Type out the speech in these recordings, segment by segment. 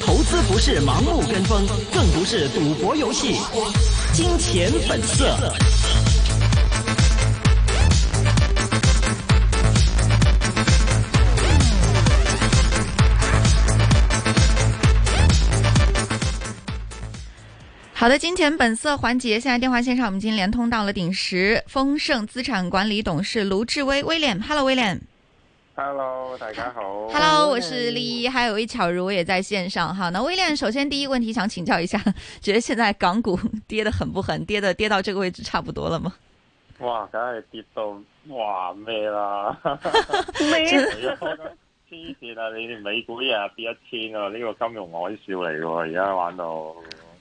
投資不是盲目跟風，更不是賭博遊戲。金錢本色。好的，金錢本色環節，現在電話線上我們已經連通到了鼎石豐盛資產管理董事盧志威 （William）。Hello，William。hello，大家好。hello，我是李怡，還有位巧如也在線上哈。那威廉，首先第一個問題想請教一下，覺得現在港股跌得狠不狠？跌得跌到這個位置差不多了嗎？哇，梗係跌到哇咩啦？真黐線啊！你哋美股一日跌一千啊，呢個金融海嘯嚟噶，而家玩到。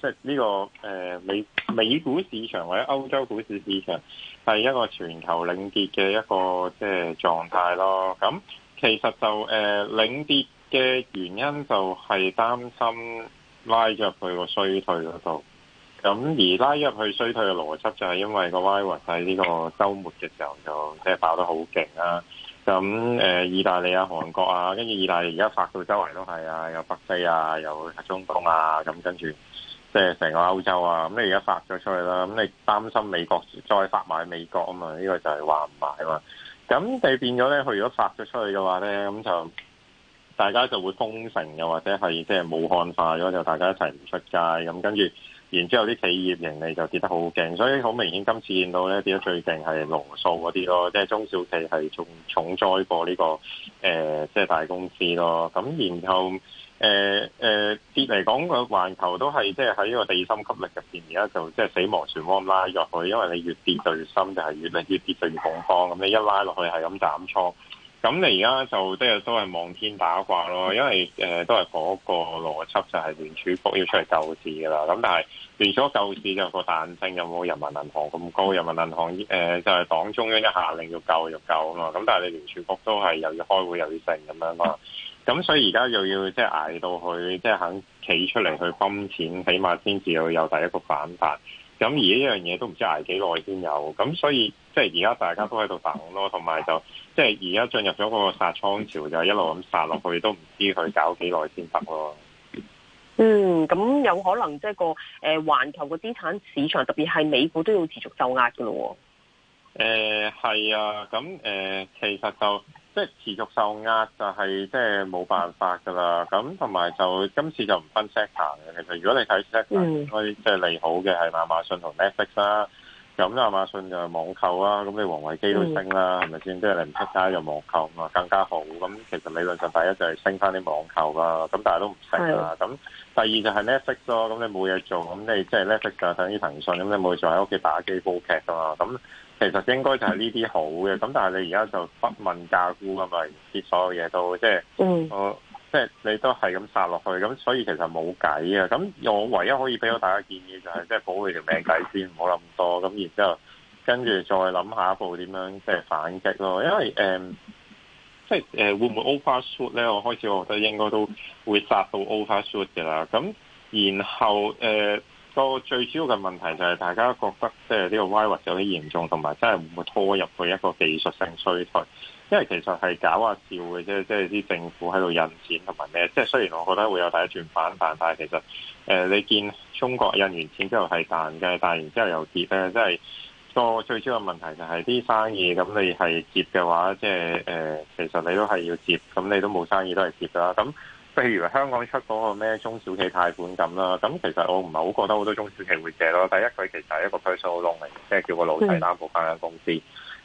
即係、這、呢個誒、呃、美美股市場或者歐洲股市市場係一個全球領跌嘅一個即係狀態咯。咁其實就誒、呃、領跌嘅原因就係擔心拉入去個衰退嗰度。咁而拉入去衰退嘅邏輯就係因為個 Y 輪喺呢個週末嘅時候就即係爆得好勁啦。咁誒、呃、意大利啊、韓國啊，跟住意大利而家發到周圍都係啊，有北非啊，有中東啊，咁跟住。即係成個歐洲啊，咁你而家發咗出去啦，咁你擔心美國再發埋美國啊嘛？呢、這個就係話唔埋嘛。咁你變咗咧，佢如果發咗出去嘅話咧，咁就大家就會封城又或者係即係武漢化咗，就大家一齊唔出街。咁跟住，然之後啲企業盈利就跌得好勁，所以好明顯今次見到咧跌得最勁係羅素嗰啲咯，即係中小企係仲重災過呢、這個誒，即、呃、係、就是、大公司咯。咁然後。誒誒、嗯嗯、跌嚟講個環球都係即係喺呢個地心吸力入邊，而家就即係、就是、死亡漩渦拉入去，因為你越跌就越深，就係、是、越嚟越跌就越恐慌。咁你一拉落去係咁斬倉，咁你而家就即係、就是、都係望天打卦咯。因為誒、呃、都係嗰個邏輯就係聯儲局要出嚟救市㗎喇。咁但係聯儲救市就個彈性有冇人民銀行咁高？人民銀行誒、呃、就係、是、黨中央一下令要救要救啊嘛。咁但係你聯儲局都係又要開會又要成咁樣啊。咁所以而家又要即係挨到佢，即係肯企出嚟去揞錢，起碼先至會有第一個反彈。咁而呢樣嘢都唔知挨幾耐先有，咁所以即係而家大家都喺度等咯，同埋就即係而家進入咗個殺倉潮，就一路咁殺落去，都唔知佢搞幾耐先得咯。嗯，咁有可能即係個誒環球個資產市場，特別係美股都要持續受壓噶咯。誒係啊，咁誒其實就。即係持續受壓就係即係冇辦法㗎啦。咁同埋就今次就唔分 sector 嘅。其實如果你睇 sector、嗯、可以即係利好嘅係亞馬遜同 Netflix 啦、嗯。咁亞馬遜就係網購啦。咁你王維基都升啦，係咪先？即係、就是、你唔出街又網購，咁啊更加好。咁其實理論上第一就係升翻啲網購㗎。咁但係都唔升啦。咁是第二就係 Netflix 咯。咁你冇嘢做，咁你即係 Netflix 就等、是、於騰訊咁，你冇嘢做喺屋企打機煲劇㗎嘛。咁。其實應該就係呢啲好嘅。咁但係你而家就不問價估咁，咪跌所有嘢，都即係，嗯，即係你都係咁殺落去，咁所以其實冇計啊！咁我唯一可以俾到大家建議就係，即係保佢條命計先，唔好諗咁多，咁然之後跟住再諗下一步點樣即係反擊咯。因為誒，即係誒會唔會 overshoot 咧？我開始我覺得應該都會殺到 overshoot 嘅啦。咁然後誒。個最主要嘅問題就係大家覺得即係呢個歪滑有啲嚴重，同埋真係唔會，會拖入去一個技術性衰退？因為其實係搞下笑嘅啫，即係啲政府喺度印錢同埋咩？即係、就是、雖然我覺得會有第一轉反彈，但係其實誒、呃，你見中國印完錢之後係彈嘅，但係然之後又跌咧，即係個最主要嘅問題就係啲生意咁，你係接嘅話，即係誒，其實你都係要接咁，你都冇生意都係接㗎啦，咁。譬如香港出嗰個咩中小企貸款咁啦，咁其實我唔係好覺得好多中小企會借咯。第一佢其實係一個推銷窿嚟，即係叫個老細擔保翻間公司。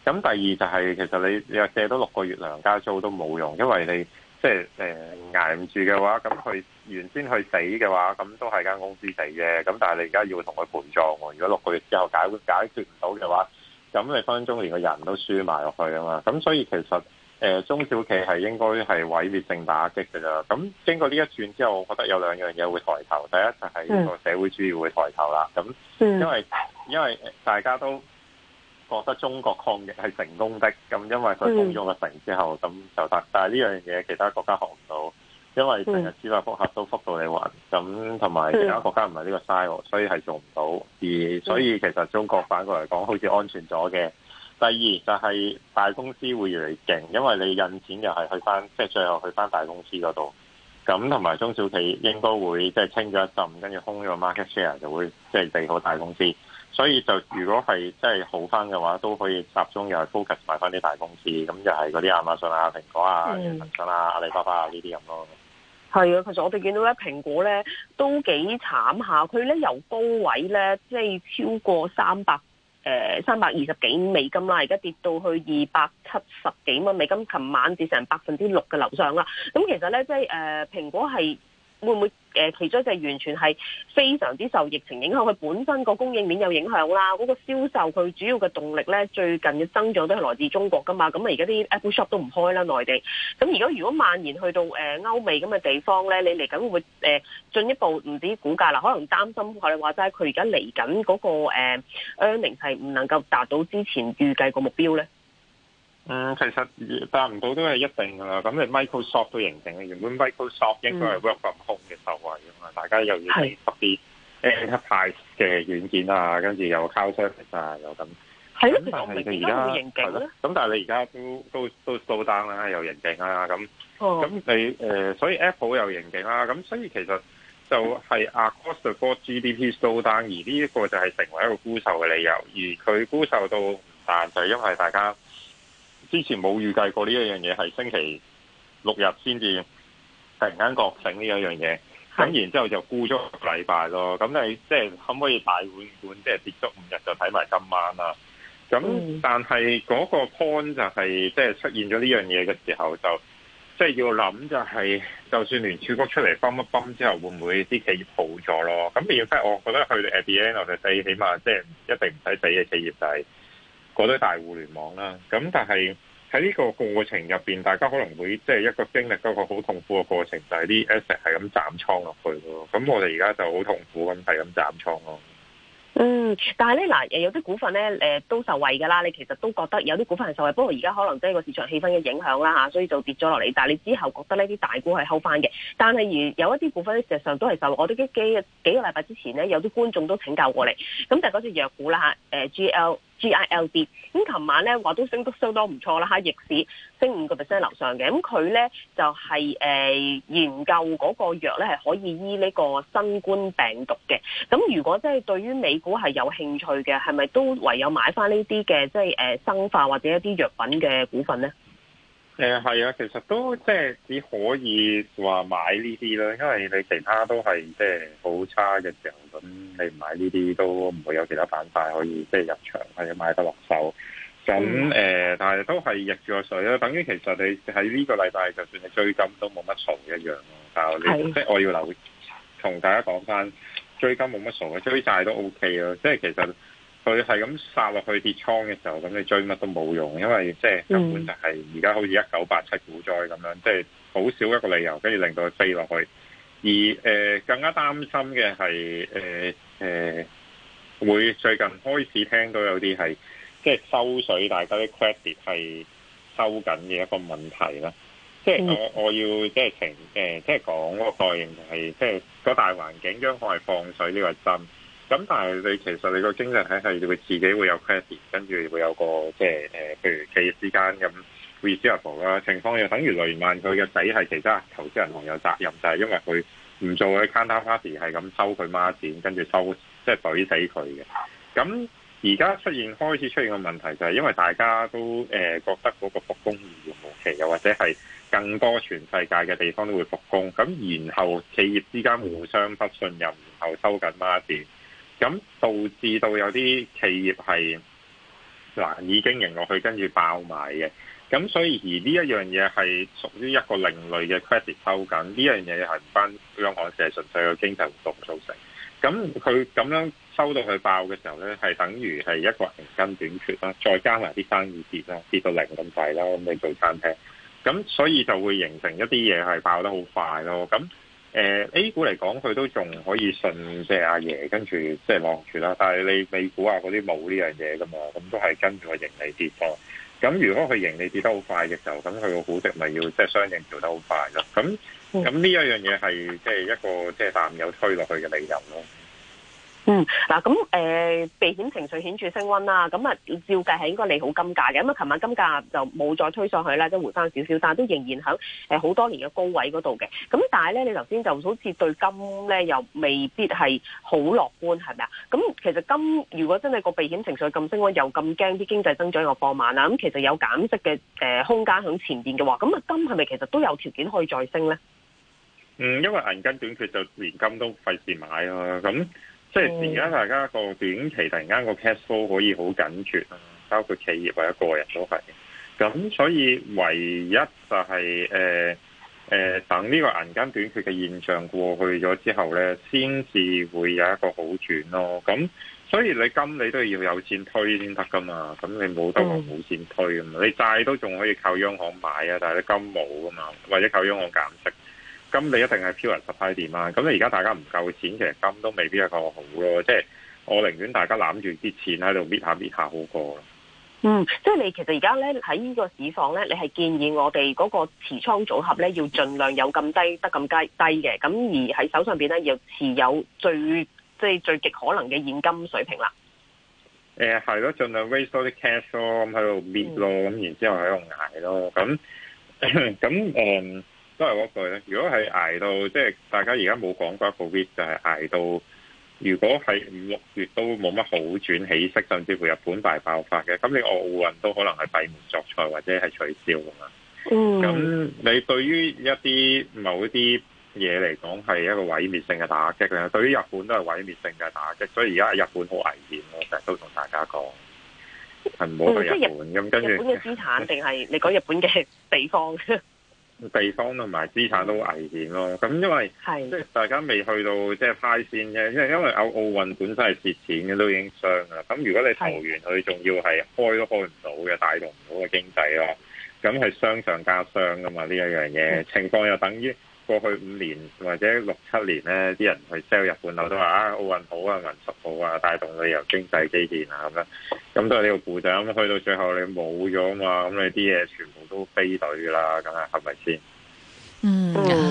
咁第二就係、是、其實你你話借到六個月糧加租都冇用，因為你即係誒捱唔住嘅話，咁佢原先去死嘅話，咁都係間公司死嘅。咁但係你而家要同佢陪葬喎。如果六個月之後解解決唔到嘅話，咁你分分鐘連個人都輸埋落去啊嘛。咁所以其實。誒，中小企係應該係毀滅性打擊嘅啦。咁經過呢一轉之後，我覺得有兩樣嘢會抬頭。第一就係個社會主義會抬頭啦。咁因為、嗯、因為大家都覺得中國抗疫係成功的，咁因為佢封咗個城之後，咁就得。嗯、但係呢樣嘢其他國家學唔到，因為成日資本復刻都復到你暈。咁同埋其他國家唔係呢個 style，所以係做唔到。而所以其實中國反過嚟講，好似安全咗嘅。第二就係、是、大公司會越嚟越勁，因為你印錢又係去翻，即、就、係、是、最後去翻大公司嗰度。咁同埋中小企應該會即係、就是、清咗一陣，跟住空咗個 market share 就會即係利好大公司。所以就如果係即係好翻嘅話，都可以集中又係 focus 翻啲大公司，咁就係嗰啲亞馬遜啊、蘋果啊、騰訊、嗯、啊、阿里巴巴呢啲咁咯。係啊，其實我哋見到咧，蘋果咧都幾慘下，佢咧由高位咧即係超過三百。誒、呃、三百二十幾美金啦，而家跌到去二百七十幾蚊美金，琴晚跌成百分之六嘅樓上啦。咁、嗯、其實咧，即係誒蘋果係。會唔會誒其中一隻完全係非常之受疫情影響？佢本身個供應鏈有影響啦，嗰、那個銷售佢主要嘅動力咧，最近嘅增長都係來自中國㗎嘛。咁啊而家啲 Apple Shop 都唔開啦，內地。咁而家如果蔓延去到誒、呃、歐美咁嘅地方咧，你嚟緊會誒、呃、進一步唔止估價啦，可能擔心你話齋佢而家嚟緊嗰個誒 earning 係唔能夠達到之前預計個目標咧。嗯，其實達唔到都係一定噶啦。咁你 Microsoft 都認定啦，原本 Microsoft 應該係 Work from Home 嘅受惠啊嘛，大家又要睇多啲 Enterprise 嘅的、嗯、軟件啊，跟住又 Carousels 啊，又咁的。係咯，其實我哋而家係咯。咁但係你而家都都都收單啦，又認定啦，咁咁、哦、你誒、呃，所以 Apple 又認定啦，咁所以其實就係 Across the board GDP 收單，而呢一個就係成為一個沽售嘅理由，而佢沽售到唔彈就係因為大家。之前冇預計過呢一樣嘢係星期六日先至突然間覺醒呢一樣嘢，咁是的 然之後就沽咗個禮拜咯。咁你即係可唔可以大碗館，即係跌足五日就睇埋今晚啦？咁但係嗰個 point 就係、是、即係出現咗呢樣嘢嘅時候，就即係要諗就係、是，就算聯儲局出嚟泵一泵之後，會唔會啲企業抱咗咯？咁即家我覺得佢哋 A B N 我哋使，起碼即係一定唔使死嘅企業就係。嗰啲大互聯網啦，咁但係喺呢個過程入邊，大家可能會即係一個經歷一個好痛苦嘅過程，就係啲 asset 係咁斬倉落去咯。咁我哋而家就好痛苦咁係咁斬倉咯。嗯，但係咧嗱，有啲股份咧誒、呃、都受惠噶啦。你其實都覺得有啲股份係受惠，不過而家可能即係個市場氣氛嘅影響啦嚇，所以就跌咗落嚟。但係你之後覺得呢啲大股係收翻嘅，但係而有一啲股份咧，事實上都係受。我哋嘅幾幾個禮拜之前咧，有啲觀眾都請教過你，咁就嗰隻藥股啦嚇，誒 G L。GL GILD 咁，琴、嗯、晚咧話都升得相當唔錯啦，喺逆市升五個 percent 樓上嘅，咁佢咧就係、是、誒、呃、研究嗰個藥咧係可以醫呢個新冠病毒嘅，咁、嗯、如果即係對於美股係有興趣嘅，係咪都唯有買翻呢啲嘅即係誒生化或者一啲藥品嘅股份咧？誒係啊，其實都即係只可以話買呢啲啦，因為你其他都係即係好差嘅時候，你唔買呢啲都唔會有其他板塊可以即係入場，或者買得落手。咁誒、嗯呃，但係都係逆住個水啦，等於其實你喺呢個禮拜就算你追金都冇乜錯一樣。但係你即係我要留同大家講翻，追金冇乜錯，追債都 O K 咯。即係其實。佢係咁殺落去跌倉嘅時候，咁你追乜都冇用，因為即係根本就係而家好似一九八七股災咁樣，即係好少一個理由，跟住令到佢飛落去。而誒、呃、更加擔心嘅係誒誒，會最近開始聽到有啲係即係收水，大家啲 credit 係收緊嘅一個問題啦。即係我我要即係停誒，即係講個概念就係即係個大環境，央行係放水針，呢個真。咁但係你其實你個經濟體系會自己會有 credit，跟住會有個即係誒，譬、呃、如企業之間咁 reliable 啦。Ivable，情況又等於雷曼佢嘅仔係，其他投資人同有責任，就係、是、因為佢唔做佢嘅 counterparty 係咁收佢孖展，跟住收即係懟死佢嘅。咁而家出現開始出現個問題就係因為大家都誒、呃、覺得嗰個復工遙遙無期，又或者係更多全世界嘅地方都會復工，咁然後企業之間互相不信任，然後收緊孖展。咁導致到有啲企業係難以經營落去，跟住爆賣嘅。咁所以而呢一樣嘢係屬於一個另類嘅 credit 收緊，呢樣嘢係唔關央行，只係純粹個經濟活動造成。咁佢咁樣收到佢爆嘅時候呢，係等於係一個人間短缺啦，再加埋啲生意跌啦，跌到零咁細啦，咁你做餐廳，咁所以就會形成一啲嘢係爆得好快咯。咁誒、uh，A 股嚟講，佢都仲可以信借阿爺，跟住即係望住啦。但係你美股啊，嗰啲冇呢樣嘢噶嘛，咁都係跟住個盈利跌多。咁如果佢盈利跌得好快嘅時候，咁佢個估值，咪要即係相應做得好快咯。咁咁呢一樣嘢係即係一個即係、就是、淡友推落去嘅理由咯。嗯，嗱咁，誒、呃，避險情緒顯著升溫啦，咁啊，照計係應該利好金價嘅。咁啊，琴晚金價就冇再推上去啦，即係回升少少，但都仍然喺誒好多年嘅高位嗰度嘅。咁但係咧，你頭先就好似對金咧又未必係好樂觀，係咪啊？咁其實金如果真係個避險情緒咁升溫，又咁驚啲經濟增長又放慢啦，咁其實有減息嘅誒、呃、空間喺前邊嘅話，咁啊金係咪其實都有條件可以再升咧？嗯，因為銀根短缺就連金都費事買啊。咁。即係而家大家個短期突然間個 cash flow 可以好緊缺啊，包括企業或者個人都係，咁所以唯一就係誒誒等呢個銀根短缺嘅現象過去咗之後咧，先至會有一個好轉咯。咁所以你金你都要有錢推先得噶嘛，咁你冇得話冇錢推噶嘛，嗯、你債都仲可以靠央行買啊，但係你金冇噶嘛，或者靠央行減息。咁你一定係飄入實體店啊！咁你而家大家唔夠錢，其實咁都未必係個好咯、啊。即係我寧願大家攬住啲錢喺度搣下搣下，下好過。嗯，即係你其實而家咧喺呢個市況咧，你係建議我哋嗰個持倉組合咧要儘量有咁低得咁低低嘅，咁而喺手上邊咧要持有最即係最極可能嘅現金水平啦。誒，係咯，儘量 raise 啲 cash 咯，喺度搣咯，咁、嗯、然之後喺度捱咯，咁咁誒。 都係嗰句咧。如果係挨到，即係大家而家冇講過一個 week 就係、是、挨到。如果係五六月都冇乜好轉起色，甚至乎日本大爆發嘅，咁你奧運都可能係閉門作賽或者係取消噶嘛。咁你對於一啲某啲嘢嚟講係一個毀滅性嘅打擊，對於日本都係毀滅性嘅打擊。所以而家日本好危險咯，我成日都同大家講。係唔好去日本咁，跟住日本嘅資產定係你講日本嘅 地方？ 地方同埋資產都危險咯，咁因為即係是大家未去到即係派線嘅，因為因為有奧運本身係蝕錢嘅都已經傷啦，咁如果你球完投完佢仲是要係開都開唔到嘅，帶動唔到嘅經濟咯，咁係傷上加傷噶嘛，呢一樣嘢是情況又等於。過去五年或者六七年呢啲人去 sell 日本樓都話啊，奧運好啊，民俗好啊，帶動旅遊經濟基建啊咁樣，咁都係呢個故仔。咁去到最後你冇咗啊嘛，咁你啲嘢全部都飛隊啦，咁係係咪先？嗯。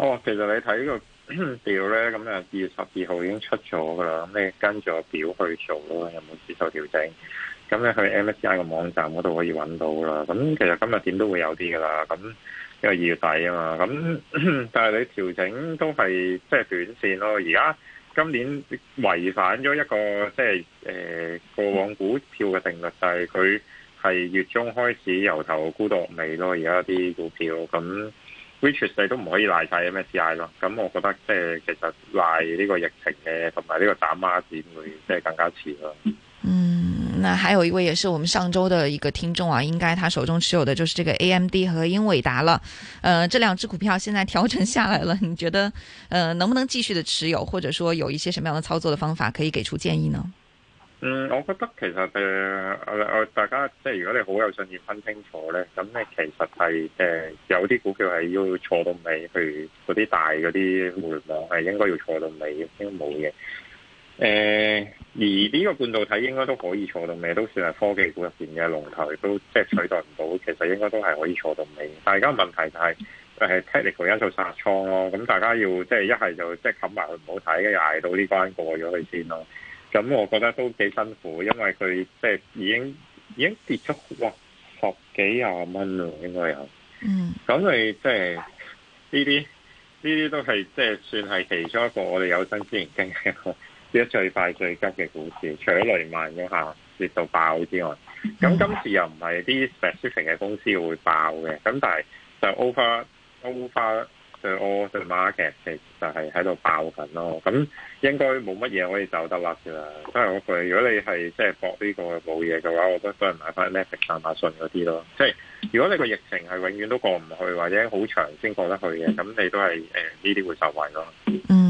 哦，其實你睇呢個表咧，咁啊二月十二號已經出咗噶啦，咁你跟住個表去做咯，有冇指數調整？咁你去 MSCI 個網站嗰度可以揾到啦。咁其實今日點都會有啲噶啦，咁因為二月底啊嘛，咁但係你調整都係即係短線咯。而家今年違反咗一個即係誒過往股票嘅定律，就係佢係月中開始由頭估到尾咯。而家啲股票咁。which 全世界都唔可以賴晒 M S I 咯，咁我覺得即係其實賴呢個疫情嘅同埋呢個打孖展會即係更加遲咯。嗯，那還有一位也是我們上周的一個聽眾啊，應該他手中持有的就是這個 A M D 和英偉達了。呃，這兩隻股票現在調整下來了，你覺得，呃，能不能繼續的持有，或者說有一些什麼樣的操作的方法可以給出建議呢？嗯，我覺得其實誒，我、呃、我大家即係如果你好有信念分清楚咧，咁、嗯、你其實係誒、呃、有啲股票係要坐到尾，譬如嗰啲大嗰啲互聯網係應該要坐到尾，應該冇嘅。誒、呃，而呢個半導體應該都可以坐到尾，都算係科技股入邊嘅龍頭，都即係取代唔到，其實應該都係可以坐到尾。但係而家問題就係誒 technical 因素殺倉咯，咁大家要即係一係就即係冚埋佢唔好睇，跟住挨到呢關過咗佢先咯。咁我覺得都幾辛苦，因為佢即係已經已經跌咗哇，十幾廿蚊咯，應該有。嗯、mm. 就是。咁你即係呢啲呢啲都係即係算係其中一個我哋有生之年經歷過跌啲最快最急嘅股市，除咗雷曼一下跌到爆之外，咁、mm. 今次又唔係啲 special 嘅公司會爆嘅，咁但係就 over over。就我對 market 其實就係喺度爆緊咯，咁應該冇乜嘢可以走得甩嘅啦。即係我話，如果你係即係博呢個冇嘢嘅話，我都幫人買翻 Netflix、亞馬遜嗰啲咯。即係如果你個疫情係永遠都過唔去，或者好長先過得去嘅，咁你都係誒呢啲會受惠咯。嗯。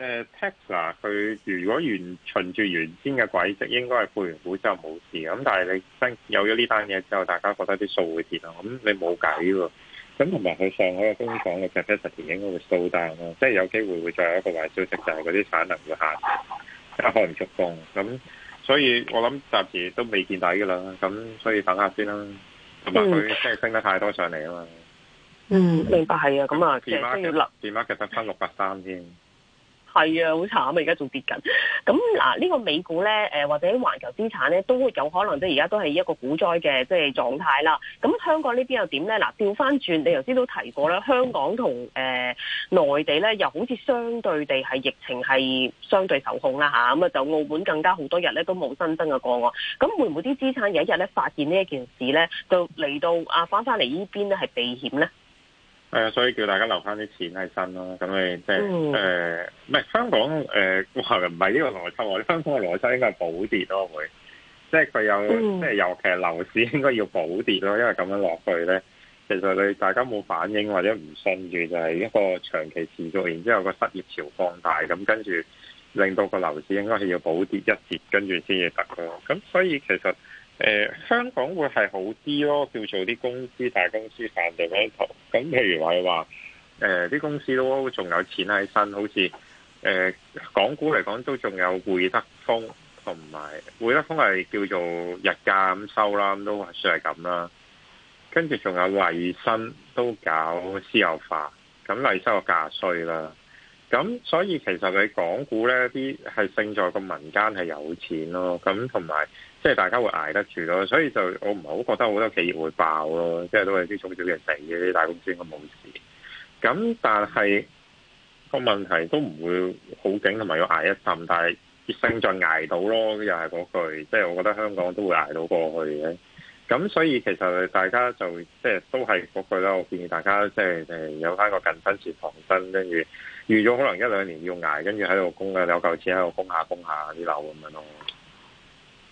誒、呃、Tesla 佢如果原循住原先嘅軌跡，應該係配完股之後就冇事。咁但係你真有咗呢單嘢之後，大家覺得啲數會跌咯。咁你冇計喎。咁同埋佢上海嘅工廠嘅 capacity 應該會收單咯，即係有機會會再有一個壞消息，就係嗰啲產能要下即係開唔出工。咁所以我諗暫時都未見底噶啦。咁所以等下先啦。同埋佢即係升得太多上嚟啊嘛。嗯，明白係啊。咁啊，即係都要立翻六百三先。係啊，好慘啊！而家仲跌緊。咁嗱，呢個美股咧，誒或者環球資產咧，都會有可能即係而家都係一個股災嘅即係狀態啦。咁香港呢邊又點咧？嗱，調翻轉，你頭先都提過啦，香港同誒內地咧，又好似相對地係疫情係相對受控啦吓，咁啊，就澳門更加好多日咧都冇新增嘅個案。咁會唔會啲資產有一日咧發現呢一件事咧，就嚟到啊翻返嚟呢邊咧係避險咧？係啊，所以叫大家留返啲錢喺身咯。咁你即係誒，唔係、mm hmm. 呃、香港誒話唔係呢個邏輯，我哋香港嘅邏輯應該係補跌咯、啊。會，即係佢有，即係、mm hmm. 尤其樓市應該要補跌咯、啊。因為咁樣落去咧，其實你大家冇反應或者唔信住，就係一個長期持續，然之後個失業潮放大，咁跟住令到個樓市應該係要補跌一節，跟住先至得咯。咁所以其實。誒、呃，香港會係好啲咯，叫做啲公司大公司賺定啲錢。咁譬如係話，誒，啲公司都仲有錢喺身，好似誒、呃，港股嚟講都仲有匯德豐同埋匯德豐係叫做日價咁收啦，咁都算係咁啦。跟住仲有麗新都搞私有化，咁麗新個價衰啦。咁所以其實你港股咧啲係勝在個民間係有錢咯，咁同埋。即係大家會挨得住咯，所以就我唔係好覺得好多企業會爆咯，即係都係啲中小企死嘅，啲大公司應該冇事。咁但係個問題都唔會好勁，同埋要挨一陣，但係勝在挨到咯，又係嗰句。即係我覺得香港都會挨到過去嘅。咁所以其實大家就即係都係嗰句啦，我建議大家即係誒有翻個近身時防身，跟住預咗可能一兩年要挨，跟住喺度供嘅有嚿錢喺度供下供下啲樓咁樣咯。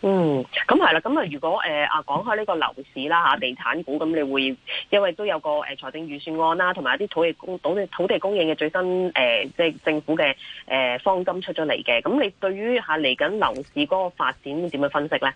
嗯，咁係啦，咁啊，如果誒、呃、啊講開呢個樓市啦吓地產股，咁你會因為都有個誒財政預算案啦，同、啊、埋一啲土地供土地供應嘅最新誒、呃、即係政府嘅誒、呃、方針出咗嚟嘅，咁你對於、啊、下嚟緊樓市嗰個發展點樣分析咧？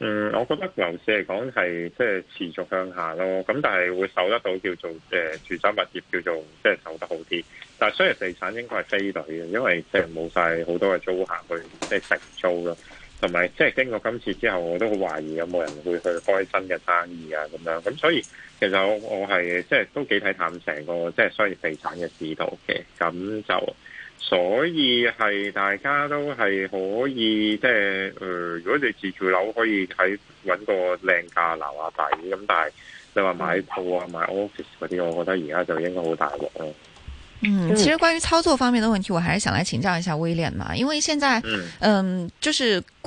嗯，我覺得樓市嚟講係即係持續向下咯，咁但係會受得到叫做誒、呃、住宅物業叫做即係受得好啲，但係雖然地產應該係非類嘅，因為即係冇晒好多嘅租客去即係承租咯。同埋，即係經過今次之後，我都好懷疑有冇人會去開新嘅生意啊，咁樣咁、嗯，所以其實我我係即係都幾睇淡成個即係商業地產嘅市道嘅，咁就所以係大家都係可以即係，誒、呃，如果你自住樓可以喺揾個靚價樓啊底，咁但係你話買鋪啊買 office 嗰啲，我覺得而家就應該好大鑊咯。嗯，其實關於操作方面的問題，我還是想來請教一下威廉嘛，因為現在嗯，嗯，就是。嗯就是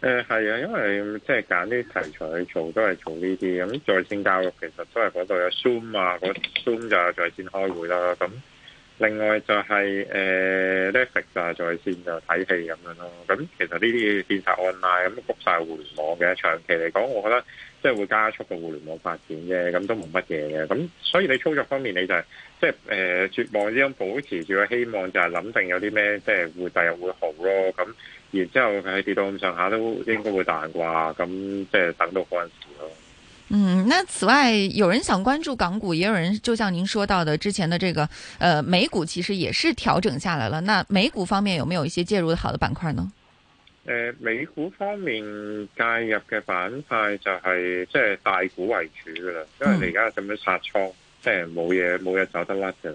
誒係啊，因為即係揀啲題材去做，都係做呢啲咁在線教育，其實都係嗰度有 Zoom 啊，個 Zoom 就係在線開會啦咁。另外就係、是、誒、呃、Netflix 就係在線就睇戲咁樣咯，咁其實呢啲電視按捺咁覆晒互聯網嘅，長期嚟講，我覺得即係會加速個互聯網發展嘅。咁都冇乜嘢嘅。咁所以你操作方面你就係、是、即係誒、呃、絕望之中保持住個希望，就係、是、諗定有啲咩即係會第日會好咯。咁然之後佢跌到咁上下都應該會彈啩，咁即係等到嗰陣時咯。嗯，那此外有人想關注港股，也有人就像您說到的之前的這個，呃，美股其實也是調整下來了。那美股方面有沒有一些介入的好的板塊呢？誒、呃，美股方面介入嘅板塊就係即係大股為主噶啦，因為你而家咁樣殺倉，即係冇嘢冇嘢走得甩嘅。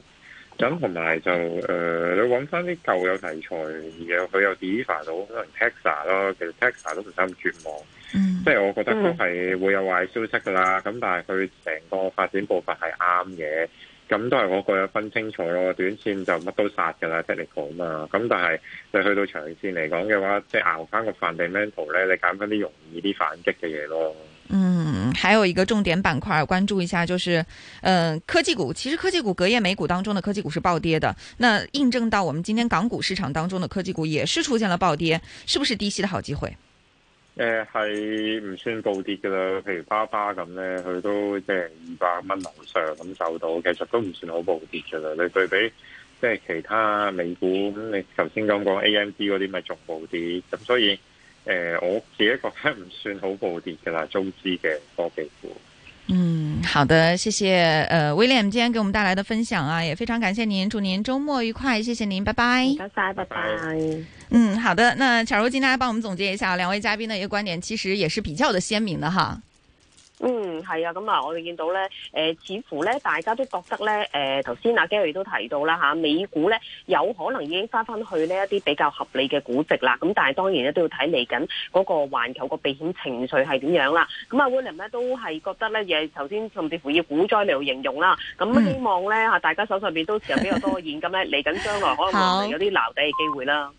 咁同埋就誒、呃，你揾翻啲舊有題材嘢，佢又 diver 到可能 Tesla 咯，其實 Tesla 都唔使咁絕望。嗯、即係我覺得都係會有壞消息噶啦。咁但係佢成個發展步伐係啱嘅。咁都係我個有分清楚咯。短線就乜都殺噶啦，即係你講啊嘛。咁但係你去到長線嚟講嘅話，即係熬翻個 fundamental 咧，你揀翻啲容易啲反擊嘅嘢咯。嗯。還有一個重點板塊關注一下，就是，嗯、呃，科技股。其實科技股隔夜美股當中的科技股是暴跌的，那印證到我們今天港股市場當中的科技股也是出現了暴跌，是不是低吸的好機會？誒、呃，係唔算暴跌噶啦，譬如巴巴咁咧，佢都即係五百蚊樓上咁受到，其實都唔算好暴跌噶啦。你對比即係其他美股咁，你頭先咁講 AMD 嗰啲咪仲暴跌，咁所以。我自己覺得唔算好暴跌噶啦，中資嘅科技股。嗯，好的，謝謝，誒、呃，William，今天給我們帶來的分享啊，也非常感謝您，祝您周末愉快，謝謝您，拜拜，謝謝，拜拜。嗯，好的，那巧如今天來幫我們總結一下，兩位嘉賓嘅一個觀點，其實也是比較的鮮明的哈。嗯，係啊，咁啊，我哋見到咧，誒，似乎咧，大家都覺得咧，誒、呃，頭先阿 Gary 都提到啦，嚇、啊，美股咧有可能已經翻翻去呢一啲比較合理嘅估值啦，咁但係當然咧都要睇嚟緊嗰個環球個避險情緒係點樣啦。咁、啊、阿 William 咧都係覺得咧，嘢頭先甚至乎以股災嚟形容啦，咁、啊、希望咧嚇大家手上邊都持有比較多嘅現金咧，嚟緊 將來可能來會有啲留底嘅機會啦。